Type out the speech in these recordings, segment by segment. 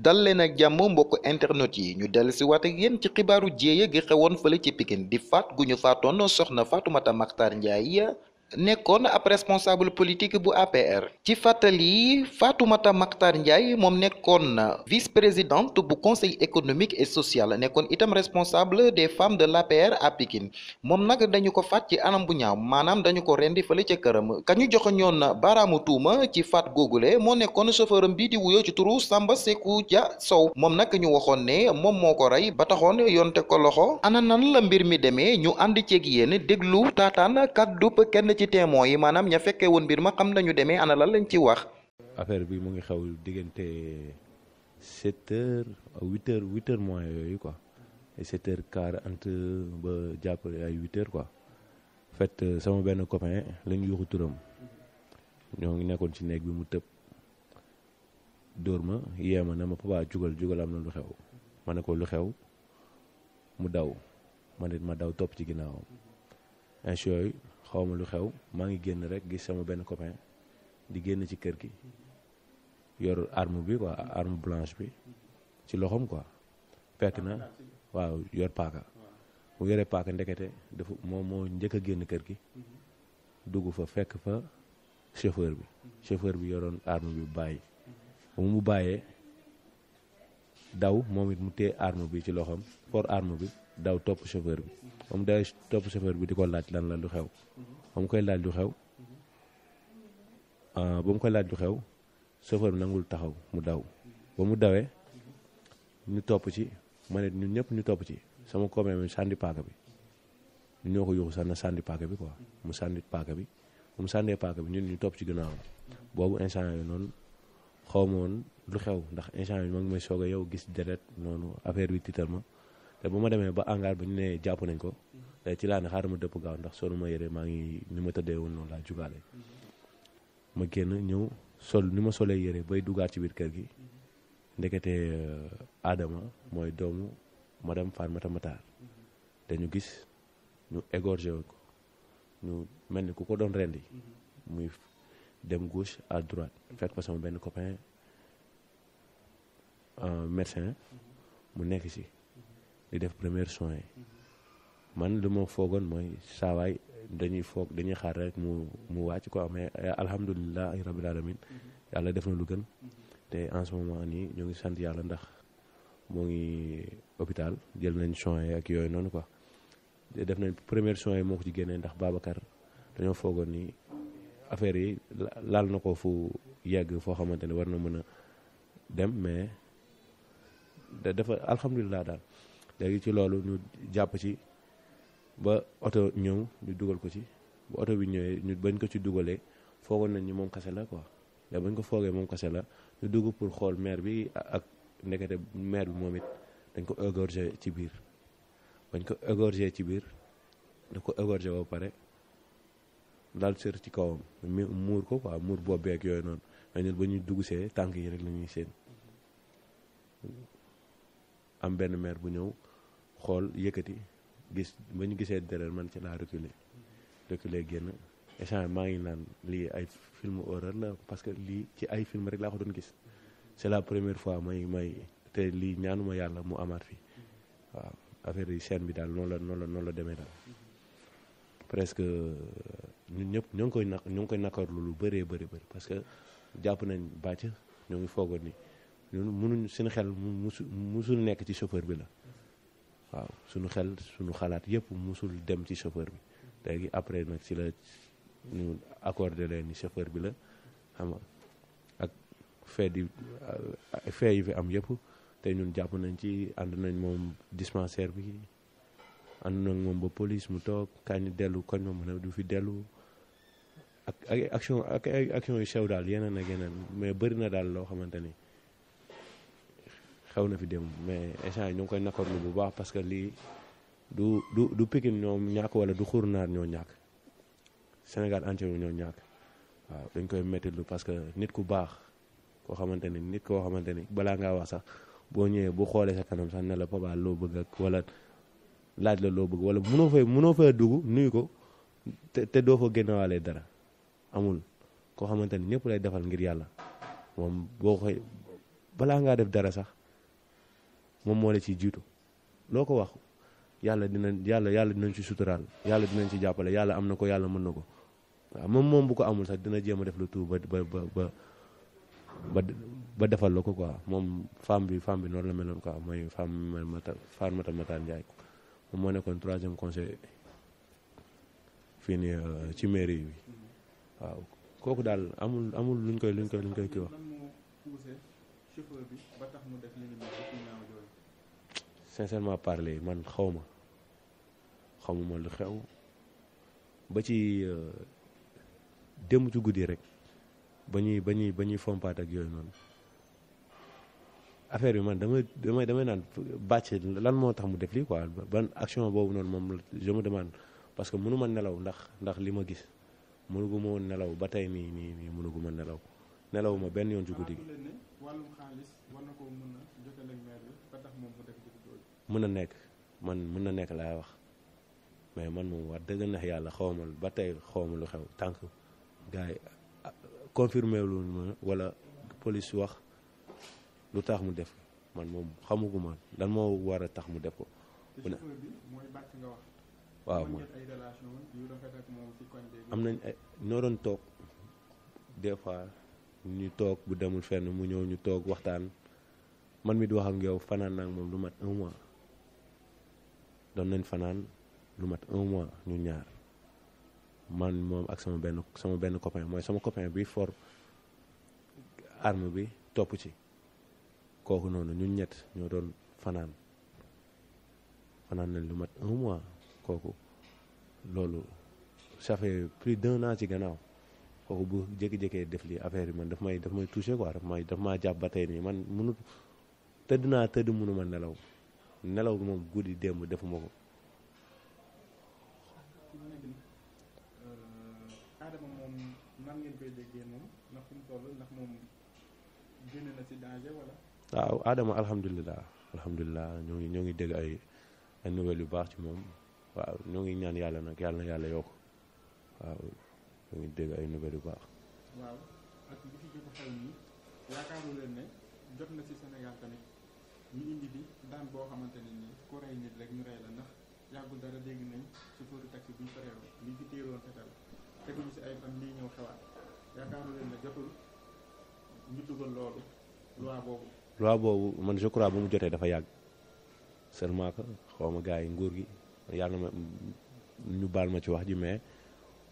dal leen ak jàmm mbokk internet yi ñu dellu si waat ak ci xibaaru jéeya gi xewoon fële ci Pikine di faat gu ñu faatoon soxna Fatoumata Mactar ya nekkoon ab responsable politique bu APR ci fàttali Fatoumata Mactar Ndiaye moom nekkoon na vice présidente bu conseil économique et social nekkoon itam responsable des femmes de l'APR à Pikine moom nag dañu ko faat ci anam bu ñaaw maanaam dañu ko rendi fële ca këram kañu joxoñoon baaraamu tuuma ci faat googule moo nekkoon chauffeuram bi di wuyoo ci turu Samba Sekou Dia Sow moom nag ñu waxoon ne moom moo ko rey ba taxoon yoonte ko loxo ana nan la mbir mi demee ñu ànd ceeg yéen déglu ci témoins yi maanaam ña fekkee woon mbir ma xam nañu demee ana lan lañ ci wax. affaire bi mu ngi xew diggante sept heures à huit heures huit heures moins yooyu quoi et sept heures quarante ba jàpp ay huit quoi fait euh, sama benn copain lañ yuuxu turam ñoo ngi nekkoon ci néeg bi mu tëb dóor ma yee ma ne ma papa jugal jugal am na lu xew ma ne ko lu xew mu daw man it ma daw topp ci ginnaawam. inch yooyu xaw lu xew maa ngi génn rek gis sama benn copain di génn ci kër gi yor arme bi quoi arme blanche bi ci loxoom quoi fekk na waaw yor paaka bu yoree paaka ndekete dafa moom moo njëkk a génn kër gi dugg fa fekk fa chauffeur bi mm-hmm. chauffeur bi yoroon arme bi bàyyi bu mu bàyyee daw moom it mu téye arme bi ci loxoom for arme bi daw topp chauffeur bi moom day topp chauffeur bi di ko laaj lan la lu xew ba koy laaj lu xew ah, ba mu koy laaj lu xew chauffeur bi nangul taxaw mu daw ba mu dawee ñu topp ci ma ne ñun ñëpp ñu topp ci sama commune mi sànni paaka bi ñoo ko yuuxu sax na sànni paaka bi ko mu sànni paaka bi mu sànnee paaka bi ñun ñu topp ci gannaawam boobu instant yooyu noonu xaw ma woon lu xew ndax instant bi ma ngi may soog a yow gis deret noonu affaire bi tiital ma te bu ma demee ba hangar ba ñu ne jàpp nañ ko mhm. te ci laa ne xaaral ma dëpp gaaw ndax solu ma yére maa ngi ni ma tëddee woon noonu laa jugaale mhm. ma génn ñëw sol ni ma solee yére bay dugaat ci biir kër gi mhm. ndekete aadama euh, mooy doomu madame Fatmata Matar dañu gis ñu égorgé ko ñu mel ni ku ko doon rendi muy dem gauche à droite fekk fa sama benn copain médecin mu nekk ci di def première soin yi man li moo foogoon mooy saawaay dañuy foog dañuy xaar rek mu mu wàcc quoi mais euh, ay rabbil alamin yàlla def na lu gën te en ce moment nii ñoo ngi sant yàlla ndax moo ngi hôpital jël nañ soin yi ak yooyu noonu quoi def nañ premier soin yi moo ko ci génnee ndax Babacar dañoo foogoon nii affaire yi laal na ko fu yegg foo xamante ne war na mën a dem mais dafa alhamdulilah daal léegi ci loolu ñu jàpp ci ba oto ñëw ñu dugal ko ci ba oto bi ñëwee ñu bañ ko ci dugalee foogoon nañ ñu moom kase la quoi bañ ko foogee moom kase la ñu dugg pour xool maire bi ak ndekete maire bi moom it dañ ko égorgé ci biir bañ ko égorgé ci biir da ko égorgé ba pare daal sër ci kawam muur ko quoi muur boob beeg noonu ay ñuy dugg see yi rek la ñuy seen benn maire bu ñëw xool yëkkati gis ba ñu gisee deret man ci laa reculer reculer maa ngi naan parce que lii ci ay film rek doon gis c'est la première fois may may te lii ñaanuma yàlla mu amaat fi waaw affaire yi bi daal noonu la noonu la noonu la demee daal presque ñun ñëpp ñoo ngi koy nak ñoo ngi koy nakarlu lu bëree bëri bëri parce que jàpp nañ bàcc ñoo ngi foogoon ni ñun mënuñ suñu xel mu musul nekk ci chauffeur bi la waaw suñu xel suñu xalaat yëpp musul dem ci chauffeur bi léegi après nag ci la ñu accordé leen ni bi la xam ak fait di fait yi fi am yëpp te ñun jàpp nañ ci ànd nañ moom dispensaire bi ànd nañ moom ba police mu toog kañ dellu koñ ma mën a du fi dellu ay action ak ay action yu sew daal yeneen ak yeneen mais bëri na daal loo xamante ni xew na fi dem mais échange ñu ngi koy nakarlu bu baax parce que lii du du du Pikine ñoom ñàkk wala du xurnaar ñoo ñàkk Sénégal entier ñoo ñàkk waaw dañ koy méttilu parce que nit ku baax koo xamante ni nit koo xamante ni balaa ngaa wax sax boo ñëwee bu xoolee sa kanam sax ne la Papa loo bëgg ak wala laaj la loo bëgg wala mënoo fay mënoo fay dugg nuyu ko te te doo fa génnewaale dara amul koo xamante ni ñëpp lay defal ngir yàlla moom boo koy balaa ngaa def dara sax moom moo la ciy jiitu loo ko wax yàlla dina yàlla yàlla dinañ ci suturaal yàlla dinañ ci jàppale yàlla am na ko yàlla mën na ko moom moom bu ko amul sax dina jéem a def lu tuut ba ba ba ba ba defal la ko quoi moom femme bi femme bi noonu la meloon quoi mooy femme Mata Fatoumata Matar Ndiaye moom moo nekkoon troisième conseil fii nii euh, ci mairie bi. waaw kooku daal amul amul luñ koy luñ koy luñ koy kii wax. sincèrement parle man xaw ma xamuma lu xew ba ci euh, démb ci guddi rek ba ñuy ba ñuy ba ñuy fompaat ak yooyu noonu affaire bi man damay damay damay naan bàcc lan moo tax mu def lii quoi ban action boobu noonu moom je me demande parce que mënu ma nelaw ndax ndax li ma gis. mënuguma woon nelaw ba tey nii nii nii mënuguma nelaw nelaw ma benn yoon ci guddi a nekk man mën na nekk laay wax mais man moom wax dëgg neex yàlla xaw ba tey xaw ma lu xew tànk gars yi ah, confirmé lu ma wala police wax lu tax mu def man moom xamuguma lan moo war a tax mu def ko. waaw mooy am nañ ay ñoo doon toog des fois ñu toog bu demul fenn mu ñëw ñu toog waxtaan man mi di wax ak yow fanaan naa moom lu mat un mois doon nañ fanaan lu mat un mois ñu ñaar man moom ak sama benn sama benn copain mooy sama copain bi for arme bi topp ci kooku noonu ñun ñett ñoo doon fanaan fanaan nañ lu mat un mois kooku loolu ça fait plus d'un ci gannaaw kooku bu jékki-jékkee def li affaire yi man daf may daf may touché quoi daf may jàpp ba tey nii man mënut tëdd naa tëdd mënuma nelaw nelaw moom guddi démb defuma ko. Euh, Adama moom nan alhamdulilah alhamdulilah ñoo ngi ñoo dégg ay ay yu baax ci moom. waaw ñoo ngi ñaan yàlla nag yàlla na yàlla yokk waaw ñoo dégg ay nouvelles yu baax. waaw ak li ci jot xew nii yaakaaru ne jot na ci Sénégal tamit ñu indi bi daan boo xamante ne nii ku rey nit rek ñu la ndax yàggul dara dégg nañ ci ay fan lii ñëw xewaat yaakaaru ne jotul ñu dugal loolu loi boobu. loi boobu man je crois bu mu jotee dafa yàgg seulement que xaw ma yi nguur gi. yàlla ma ñu baal ma ci wax ji mais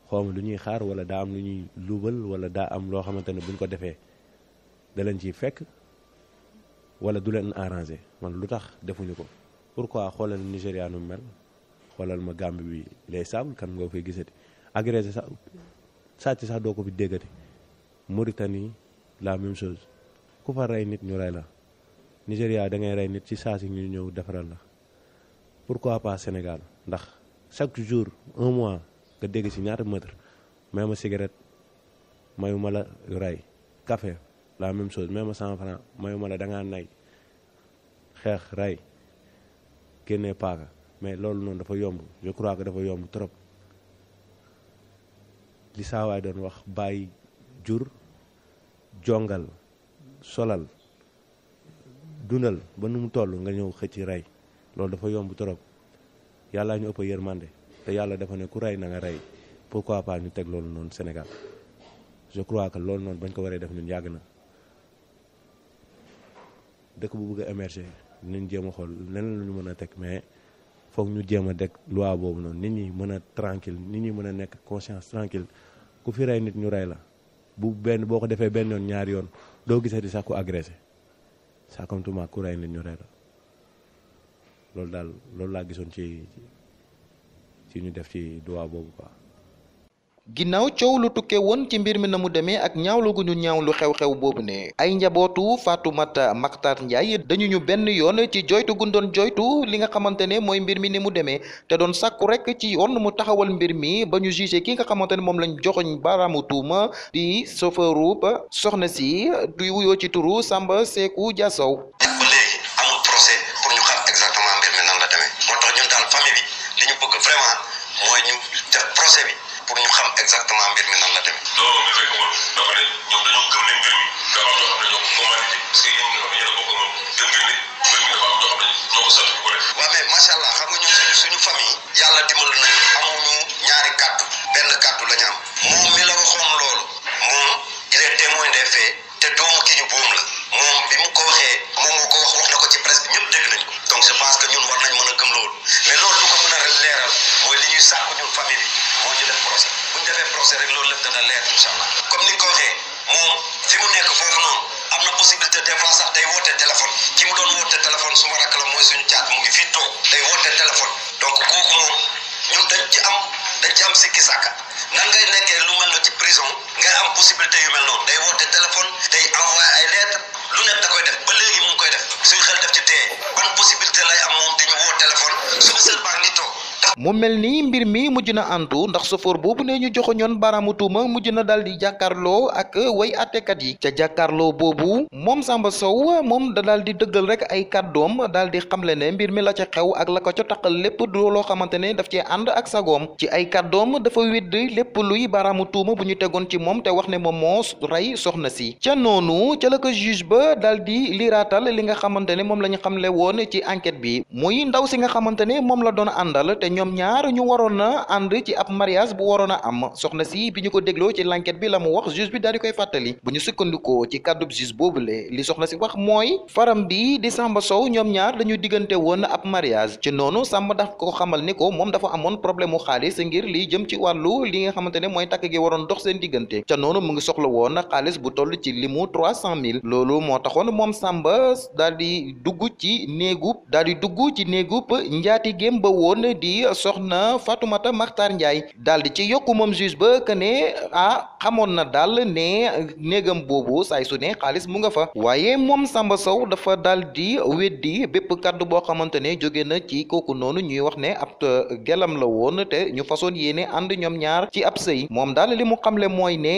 xaw ma lu ñuy xaar wala daa am lu ñuy luubal wala daa am loo xamante ne buñ ko defee da leen ciy fekk walla du leen arrangé man lu tax defuñu ko pour pourquoi xoolal Nigéria nu mel xoolal ma gàmb bi les sables kan nga fay gisati agressé sax sàcc sax doo ko fi déggati Mauritanie la même chose ku fa rey nit ñu rey la Nigéria da ngay rey nit ci saa si ñu ñëw defaral la pourquoi pas Sénégal ndax chaque jour un mois nga dégg ci ñaata mètre may ma cigarette mayuma la ray café la même chose may ma cent franc mayuma la da nay xeex ray génnee paaka mais loolu noonu dafa yomb je crois que dafa yomb trop li saawaay doon wax bàyyi jur jongal solal dundal ba nu mu toll nga ñëw xëcc rey loolu dafa yomb trop yàlla ñu ëpp yërmande te yàlla dafa ne ku rey na nga rey pourquoi pas ñu teg loolu noonu Sénégal je crois que loolu noonu bañ ko waree def ñun yàgg na dëkk bu bëgg a émerger nañ jéem a xool leneen la ñu mën a teg mais foog ñu jéem a teg loi boobu noonu nit ñi mën a tranquille nit ñi mën a nekk conscience tranquille ku fi rey nit ñu rey la bu benn boo ko defee benn yoon ñaari yoon doo gisati sax ku agressé sax comme ku rey nit ñu rey loolu daal loolu laa gisoon ci ci ñu def ci droit boobu quoi. ginnaaw coow lu tukkee woon ci mbir mi na mu demee ak ñaawlu gu ñu ñaawlu xew-xew boobu ne ay njabootu Fatoumata Mactar Ndiaye dañu ñu benn yoon ci joytu gun doon joytu li nga xamante ne mooy mbir mi ni mu demee te doon sàkku rek ci yoon mu taxawal mbir mi ba ñu jugé ki nga xamante ne moom lañ joxoñ baaraamu tuuma di ba soxna si du wuyoo ci turu sàmba Seeku Jaasow macha allah xam nga ñun suñu famille yàlla dimbali nañu woote téléphone donc kooku moom ñun dañ ci am dañ ci am sikki sàkka nan ngay nekkee lu mel na ci prison ngay am possibilité yu mel noonu day woote téléphone day envoyé ay lettres. lu nekk koy def ba léegi mu koy def suñu xel def ci tee ban possibilité lay am moom dañu woo téléphone suba sel baa ngi toog mu mel nii mbir mi mujj na antu ndax sofoor boobu ne ñu joxoñoon baraamu tuuma mujj na daal di jàkkaarloo ak way àttekat yi ca jàkkaarloo boobu moom Samba Sow moom da daal dëggal rek ay kàddoom daal di xamle ne mbir mi la ca xew ak la ko ca taq lépp du loo xamante ne daf cee ànd ak sagoom ci ay kàddoom dafa weddi lépp luy baraamu tegoon ci moom te wax ne moom moo rey soxna ba daal di liiraatal li nga xamante moom la ñu xamle woon ci enquête bi muy ndaw si nga xamante ne moom la doon àndal te ñoom ñaar ñu waroon a ànd ci ab mariage bu waroon a am soxna si bi ñu ko dégloo ci l'enquête bi la mu wax juge bi daal di koy fàttali bu ñu sukkandikoo ci kàddub boobu boobule li soxna si wax mooy faram bi di Samba Sow ñoom ñaar dañu diggante woon ab mariage ci noonu Samba daf ko xamal ni ko moom dafa amoon problème mu xaalis ngir li jëm ci wàllu li nga xamante ne mooy takk gi dox seen diggante ca noonu mu ngi soxla woon xaalis bu toll ci limu trois mille moo taxoon moom Samba daal di dugg ci néegub daal di dugg ci néegu néegub njaatigéem ba woon di soxna Fatoumata Makhtar Ndiaye daal di ci yokku moom juge ba que ne ah xamoon na daal ne néegam boobu saay su ne xaalis mu nga fa waaye moom Samba Sow dafa dal di weddi bépp kàddu boo xamante ne jóge na ci kooku noonu ñuy wax ne ab gelam la woon te ñu façon yéene ànd ñoom ñaar ci ab sëy moom daal li mu xamle mooy ne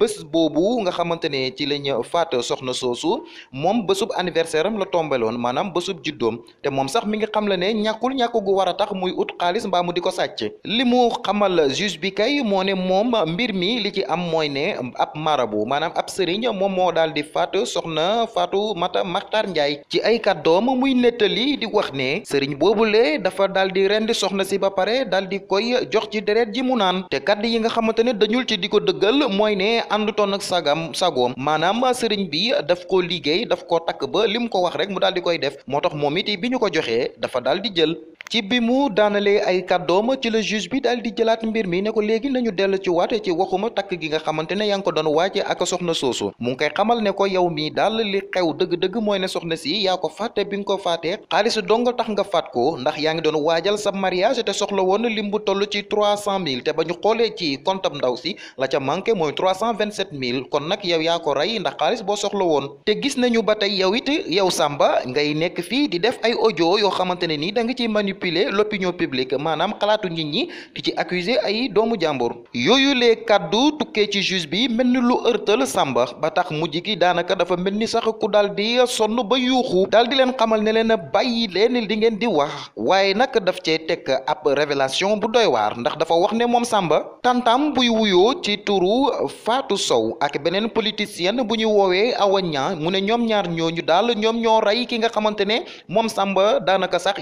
bés boobu nga xamante ci lañ faat soxna soosu Youssou moom bésub anniversaire am la tombeloon maanaam bésub juddoom te moom sax mi ngi xam la ne ñàkkul ñàkk gu war a tax muy ut xaalis mbaa mu di ko sàcc li mu xamal juge bi kay moo ne moom mbir mi li ci am mooy ne ab marabu maanaam ab sëriñ moom moo daal di faat soxna Fatou Mata Makhtar Ndiaye ci ay kàddoom muy nettali di wax ne sëriñ boobu boobule dafa dal di rend soxna si ba pare dal di koy jox ci deret ji mu naan te kàddu yi nga xamante ne dañul ci di ko dëggal mooy ne àndutoon ak sagam sagoom maanaam sëriñ bi daf ko liggéey daf koo takk ba li mu ko wax rek mu daal di koy def moo tax moom it bi ñu ko joxee dafa daal di jël ci bi mu daanalee ay kàddoom ci la juge bi daal di mbir mi ne ko léegi nañu dell ci waate ci waxuma takk gi nga xamante ne yaa ngi ko doon waaje ak soxna soosu mu ngi koy xamal ne ko yow mii daal li xew dëgg-dëgg mooy ne soxna si yaa ko fàtte bi nga ko fàttee xaalis donga tax nga fàtt ko ndax yaa ngi doon waajal sa mariage te soxla woon lim bu toll ci trois cent mille te ba ñu xoolee ci compte am ndaw si la ca manqué mooy trois cent vingt sept mille kon nag yow yaa ko rey xaalis boo soxla woon te gis nañu ba tey yow it yow Samba ngay nekk fii di def ay audio yoo xamante ne nii da nga ciy manipuler l'opinion publique maanaam xalaatu nit ñi di ci accuser ay doomu jàmbur yooyu lee kàddu tukkee ci juge bi mel ni lu ërtal Samba ba tax mujj ki daanaka dafa mel ni sax ku daal di sonn ba yuuxu daal di leen xamal ne leen bàyyi leen di ngeen di wax waaye nag daf cee teg ab révélation bu doy waar ndax dafa wax ne moom sàmba tantam buy wuyoo ci turu faatu Sow ak beneen politicienne bu ñu woowee Awa mu ne ñoom ñaar ñooñu daal ñoom ñoo rey ki nga xamante ne moom Samba daanaka sax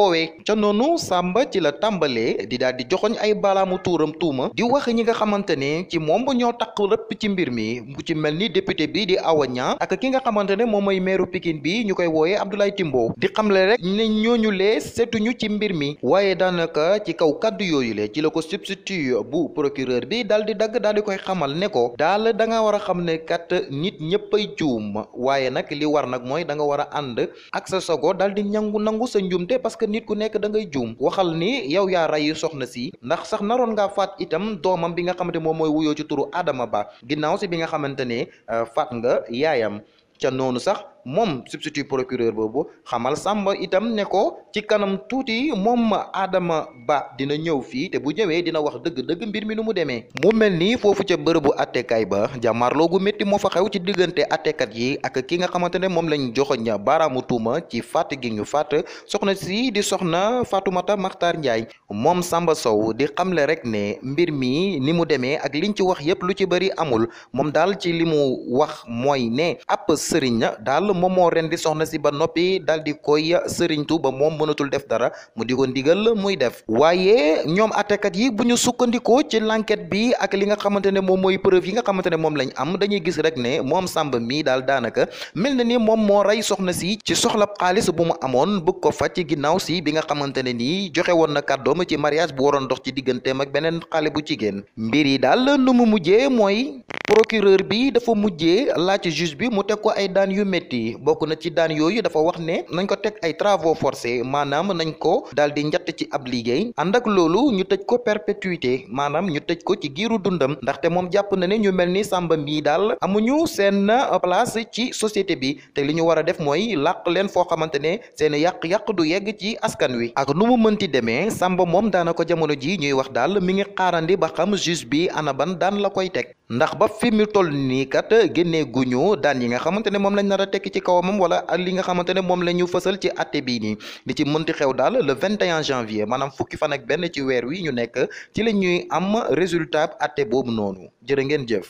woowee ca noonu Samba ci la tàmbalee di daal di joxoñ ay balaamu tuuram tuuma di wax ñi nga xamante ne ci moom ñoo takk rëpp ci mbir mi bu ci mel ni député bi di Awa Niang ak ki nga xamante ne moom mooy meeru Pikine bi ñu koy wooyee Abdoulaye Timbo di xam xamle rek ne ñooñu lee setuñu ci mbir mi waaye daanaka ci kaw kàddu yooyu le ci la ko substitut bu procureur bi dal di dagg daal di koy xamal ne ko daal da nga war a xam ne kat nit ñëppay juum waaye nag li war nag mooy da nga war a ànd ak sa sago que nit ku nekk da ngay juum waxal ni yow yaa rey soxna si ndax sax naroon nga faat itam doomam bi nga xamante moom mooy wuyoo ci turu Adama Ba ginnaaw si bi nga xamante ne euh, faat nga yaayam ca noonu sax moom substitut procureur boobu xamal sàmba itam ne ko ci kanam tuuti moom ma Adama Ba dina ñëw fii te bu ñëwee dina wax dëgg-dëgg mbir mi nu mu demee mu mel ni foofu ca bërëbu attekaay ba jàmmaarloo gu métti moo fa xew ci diggante attekat yi ak ki nga xamante ne moom lañ joxoñ baaraamu tuuma ci fàtt ñu fàtt soxna si di soxna Fatoumata Makhtar Ndiaye moom Samba Sow di xamle rek ne mbir mi ni mu demee ak liñ ci wax yépp lu ci bëri amul moom daal ci li mu wax mooy ne ab sëriñ daal Sall moom moo ren di soxna si ba noppi daal di koy Serigne ba moom mënatul def dara mu di ko ndigal muy def waaye ñoom attekat yi bu ñu sukkandikoo ci l'enquête bi ak li nga xamante ne moom mooy preuve yi nga xamante ne moom lañu am dañuy gis rek ne moom Samba mii daal daanaka mel na ni moom moo rey soxna si ci soxlab xaalis bu mu amoon bëgg ko faj ci ginnaaw si bi nga xamante ne nii joxe woon na kàddoom ci mariage bu waroon dox ci digganteem ak beneen xale bu jigéen mbir yi procureur bi dafa mujjee laaj juge bi mu teg ko ay daan yu métti bokk na ci daan yooyu dafa wax ne nañ ko teg ay travaux forcés maanaam nañ ko daal di njatt ci ab liggéey ànd ak loolu ñu tëj ko perpétuité maanaam ñu tëj ko ci giiru dundam ndaxte moom jàpp na ne ñu mel ni Samba mii daal amuñu seen place ci société bi te li ñu war a def mooy làq leen foo xamante ne seen yàq-yàq du yegg ci askan wi ak nu mu mënti demee Samba moom daana ko jamono ji ñuy wax daal mi ngi xaarandi ba xam juge bi ana ban daan la koy teg ndax ba fi mu toll nii kat génnee guñu daan yi nga xamante ne moom lañ nar a tekki ci kawamam wala li nga xamante ne moom la ñu fësal ci ate bii nii li ci mënti xew daal le 21 janvier maanaam fukki fanak benn ci weer wii ñu nekk ci la ñuy am résultat atte boobu noonu jërë ngeen jëf